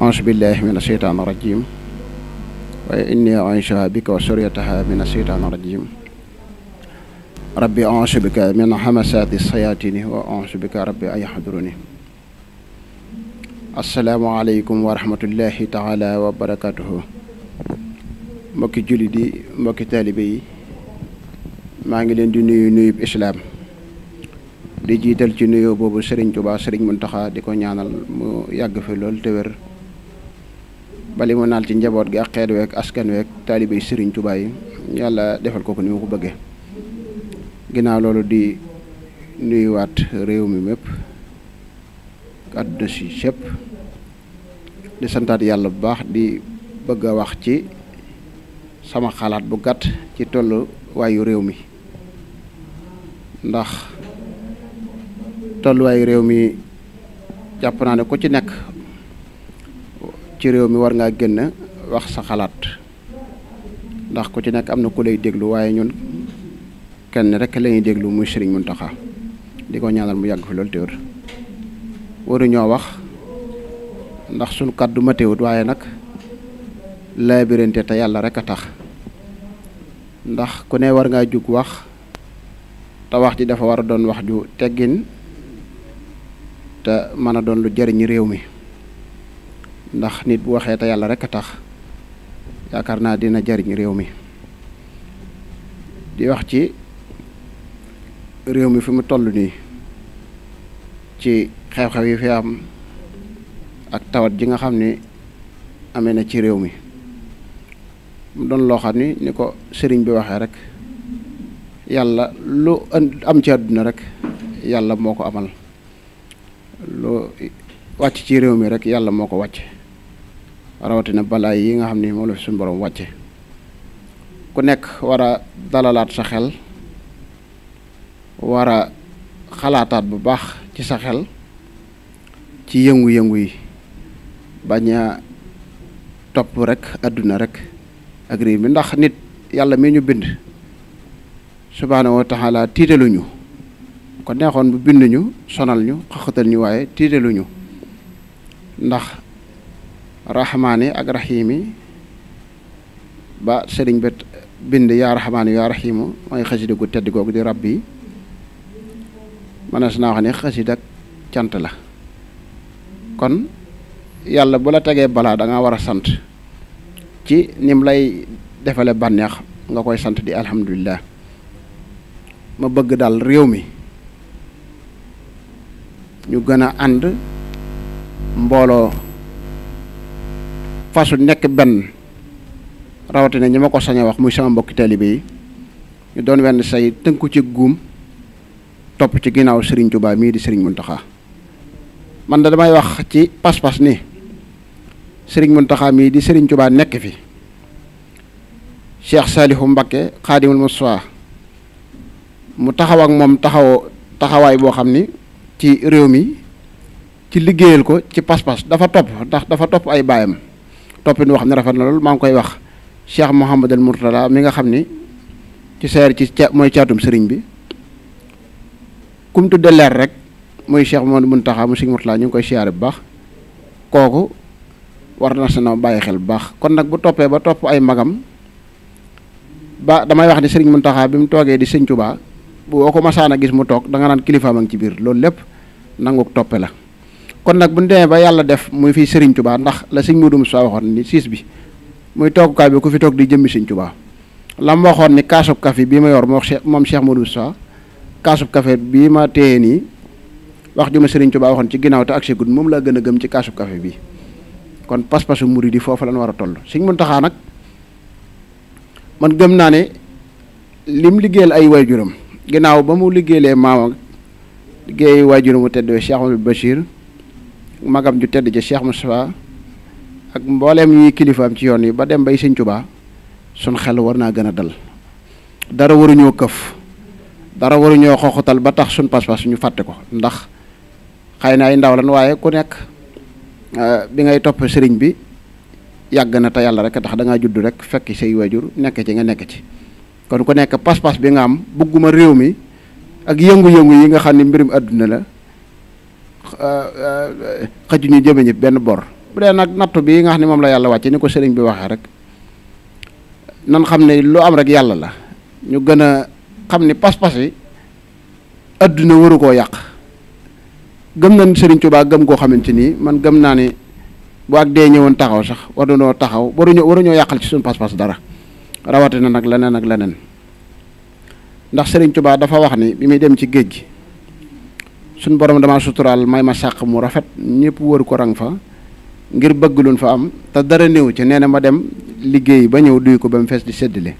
auzu billahi min asheytaan rajim waaye inni u'iizuha bika wa suryataha min asheytaan rajim rabbi auzu bika min hamasaati sayatini wa auzu bika rabbi an yahduruni asalaamualeykum wa rahmatullahi taala wa barakatuhu mbokki jullit yi mbokki taalibe yi maa ngi leen di nuyu nuyub islaam di jiital ci nuyoo boobu Serigne Touba Serigne Mountakha di ko ñaanal mu yàgg fi lool te bali mu naal ci njaboot gi ak xeet week askan week taalibe sëriñ Tuubaa yi yàlla defal ko ko ni mu ko bëggee ginnaaw loolu di nuyuwaat réew mi mépp àdduna si sépp di santaat yàlla bu baax di bëgg a wax ci sama xalaat bu gàtt ci waayu réew mi ndax tolluwaayu réew mi jàpp naa ne ku ci nekk ci réew mi war ngaa génn wax sa xalaat ndax ku ci nekk am na ku lay déglu waaye ñun kenn rek lañuy ñuy déglu muy mun Mountakha di ko ñaanal mu yàgg fi loolu téwér waruñoo wax ndax suñu kàddu ma téwut waaye nag laabirante te yàlla rek a tax ndax ku ne war ngaa jug wax te wax ji dafa war a doon wax ju teggin te mën a doon lu jariñ réew mi ndax nit bu waxee te yàlla rek a tax yaakaar naa dina jariñ réew mi di wax ci réew mi fi mu toll nii ci xew-xew yi fi am ak tawat ji nga xam ni amee na ci réew mi mu doon loo xam ni ni ko sëriñ bi waxee rek yàlla lu am ci àdduna rek yàlla moo ko amal lu wàcc ci réew mi rek yàlla moo ko wàcc rawatina balaa yi nga xam ni moom la fi suñu borom wàcce ku nekk war dalalaat sa xel wara xalaataat bu baax ci sa xel ci yëngu-yëngu yi bañ a topp rekk àdduna rek ak réew mi ndax nit yàlla mi ñu bind subhaanahu wa taala tiitaluñu ko neexoon bu bind ñu sonal ñu xaxatal ñu waaye tiitaluñu ndax rahmaani ak rahimi ba sëriñ bi bind yaa rahmaani yaa rahimu mooy xasida gu tedd googu di rabbi mënees naa wax ne xasida cant la kon yàlla bu la tegee balaa danga nga war a sant ci nim lay defale bànneex nga koy sant di alhamdulilah ma bëgg daal réew mi ñu gën a ànd mbooloo fasu nekk benn rawatina ñi ma ko sañ wax muy sama mbokki taalibe yi ñu doon wenn say tënku ci guum topp ci ginnaaw Serigne Touba mii di sëriñ Serigne Mountakha man da damay wax ci pas-pas ni Serigne Mountakha mii di Serigne Touba nekk fi Cheikh Salihu Mbacké Xaadimul Mustafa mu taxaw ak moom taxaw taxawaay boo xam ni ci réew mi ci liggéeyal ko ci pas-pas dafa topp ndax dafa topp ay baayam toppin boo xam ne rafet na loolu maa ngi koy wax Cheikh Mouhamadul Mourtala mi nga xam ni ci seer ci mooy caatum sëriñ bi kum tudde leer rek muy Cheikh Mouhamadou Mountakha mu Sëriñ Mourtala ñu ngi koy siyaare bu baax kooku war na sa na bàyyi xel bu baax kon nag bu toppee ba topp ay magam ba damay wax ni Sëriñ taxaa bi mu toogee di Sëriñ Tuubaa boo ko masaan a gis mu toog danga naan kilifaam a ngi ci biir loolu lépp nanguk toppe la kon nag bu ñu demee ba yàlla def muy fii Serigne Touba ndax la sëñ Modou Moussa waxoon ni siis bi muy toogukaay bi ku fi toog di jëmmi Serigne Touba la mu waxoon ni kaasub kafe bii ma yor moo moom Cheikh Modou Moussa kaasub kafe bii ma téye nii wax ju ma Serigne Touba waxoon ci ginnaaw te ak si moom laa gën a gëm ci kaasub kafe bi kon pas-pasu murid di foofu lañ war a toll Serigne Mountakha nag man gëm naa ne lim liggéeyal ay waajuram ginnaaw ba mu liggéeyalee maama liggéey waajuram mu tedd Cheikh s magam ju tedd ji Cheikh Moustapha ak mbooleem ñuy kilifaam ci yoon yi ba dem bay Sëñ Tuubaa sun xel war naa gën a dal dara waruñoo këf dara waruñoo xoxutal ba tax sun pas-pas ñu fàtte ko ndax xëy na ay ndaw lan waaye ku nekk euh, bi ngay topp sëriñ bi yàgg na te yàlla rek tax da ngaa judd rek fekk say waajur nekk ci nga nekk ci kon ku nekk pas bi nga am bëgguma réew mi ak yëngu-yëngu yi nga xam ne mbirum àdduna la Euh, euh, xëcc ñu jëme ñëpp benn bor bu dee nag nattu bii nga xam ne moom la yàlla wàcce ni ko sëriñ bi waxee rek nan xam ne lu am rek yàlla la ñu gën a xam ni pas-pas yi adduna waru koo yàq gëm nañ sëriñ Tuubaa gëm koo xamante nii man gëm naa ni bu ak dee ñëwoon taxaw sax noo taxaw waru waruñoo yàqal ci suñu pas-pas dara rawatina nag leneen ak leneen ndax sëriñ Tuubaa dafa wax ni bi muy dem ci géej gi suñ borom dama suturaal may ma sàq mu rafet ñëpp waru ko rang fa ngir bëgg luñ fa am te dara néew ci nee na ma dem liggéey ba ñëw duy ko ba mu fees di séddale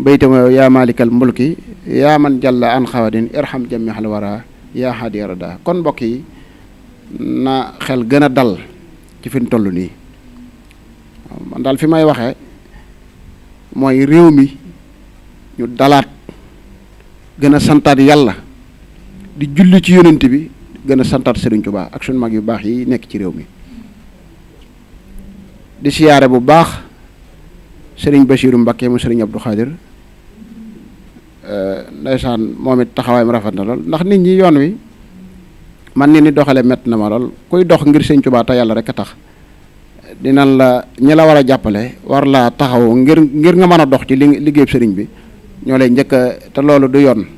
bayta ma yaa maalikal mulki yaa man jàlla an xawadin irham jami xal wara yaa xaadi rada kon mbokk yi na xel gën a dal ci fi ñu toll nii man daal fi may waxee mooy réew mi ñu dalaat gën a santaat yàlla di julli ci yonent bi gën a santaat Serigne Touba ak suñ mag yu baax yi nekk ci réew mi di siyaare bu baax sëriñ Bassirou Mbacké mu Serigne Abdou Khadir euh, ndaysaan moom it taxawaayam rafet na lool ndax nit ñi yoon wi man ni ni doxale mett na ma lool kuy dox ngir Serigne Touba te yàlla rek a tax dinañ la ñi la war a jàppale war laa taxaw ngir ngir nga mën a dox ci li liggéeyu Serigne bi ñoo lay njëkk te loolu du yoon.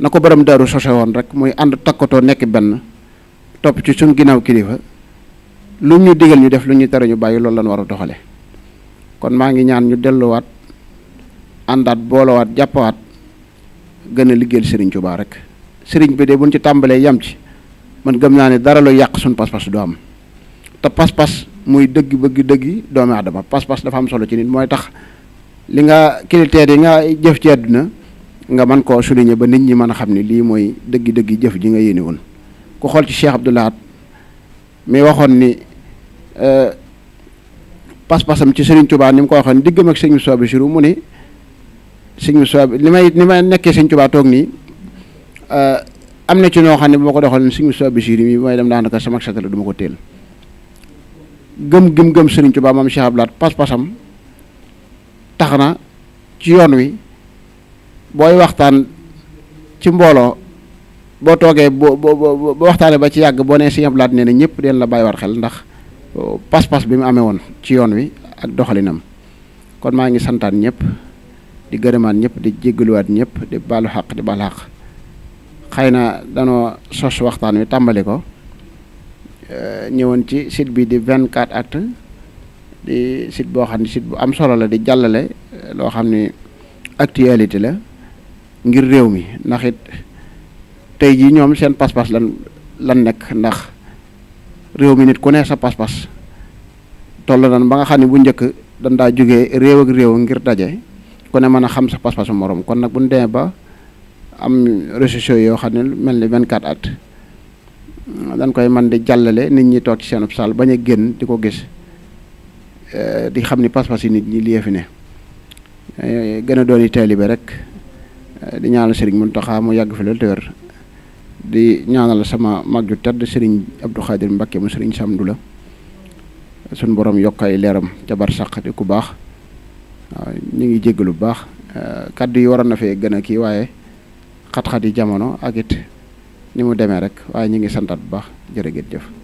na ko borom daaru sose woon rek muy ànd takkatoo nekk benn topp ci suñ ginnaaw kilifa lu ñu digal ñu def lu ñu tere ñu bàyyi loolu lan war a doxale kon maa ngi ñaan ñu delluwaat àndaat boolowaat jàppawaat gën a liggéeyal Serigne Touba rek Serigne bi de buñ ci tàmbalee yam ci man gëm naa ne dara lu yàq suñ pas-pas du am te pas-pas muy dëgg bëgg dëggi doomi adama pas-pas dafa am solo ci nit mooy tax li nga kiliteer yi nga jëf ci àdduna nga mën koo souligner ba nit ñi mën a xam ne lii mooy dëgg-dëgg jëf ji nga yéene woon ku xool ci Cheikh Abdou Lahad mi waxoon ni euh, pas-pasam ci Serigne Touba ni mu ko waxoon diggam ak Serigne Moussa Bassirou mu ne Serigne Moussa li may li may nekkee Serigne Touba toog nii euh, am na ci ñoo xam ne bu ma ko doxalee Serigne Moussa Bassirou mi may dem daanaka sama ak satala du ma ko teel gëm gëm gëm Serigne moom Cheikh Abdou Lahad pas-pasam tax na ci yoon wi. booy waxtaan ci mbooloo boo toogee boo boo waxtaanee ba ci yàgg boo nee si yablaat nee na ñëpp den la bàyyiwaat xel ndax oh, pas-pas bi mu amee woon ci yoon wi ak doxalinam kon maa ngi santaan ñëpp di gërëmaat ñëpp di jéggaluwaat ñëpp di baalu xaq di baal xëy na danoo sos waxtaan wi tàmbali ko eh, ñëwoon ci site bi di 24 actu di site boo xam ne site bu am solo la di jàllale eh, loo xam ni actualité la. ngir réew mi ndax it tey jii ñoom seen pas-pas lan lan nekk ndax réew mi nit ku ne sa pas-pas toll ba nga xam ne bu njëkk dañ daa jógee réew ak réew ngir daje ku ne mën a xam sa pas-pasu morom kon nag bu ñu demee ba am réseaux yoo xam ne mel ni 24 at dañ koy man di jàllale nit ñi toog ci seen saal bañ a génn di ko gis eh, di xam ni pas-pas yi nit ñi lii fi ne eh, gën a doon taalibe rek. di ñaanal sëriñ Mountakha mu yàgg fi loolu te di ñaanal sama mag ju tedd sëriñ Abdou Khadir Mbacké mu sëriñ du la suñ borom yokk ay leeram ca bar sàq di ku baax waaw ñu ngi jéggalu lu baax eh, kàddu yi waroon na fee gën a kii waaye xat-xat yi jamono ak ni mu demee rek waaye ñu ngi santaat bu baax jërëjëf.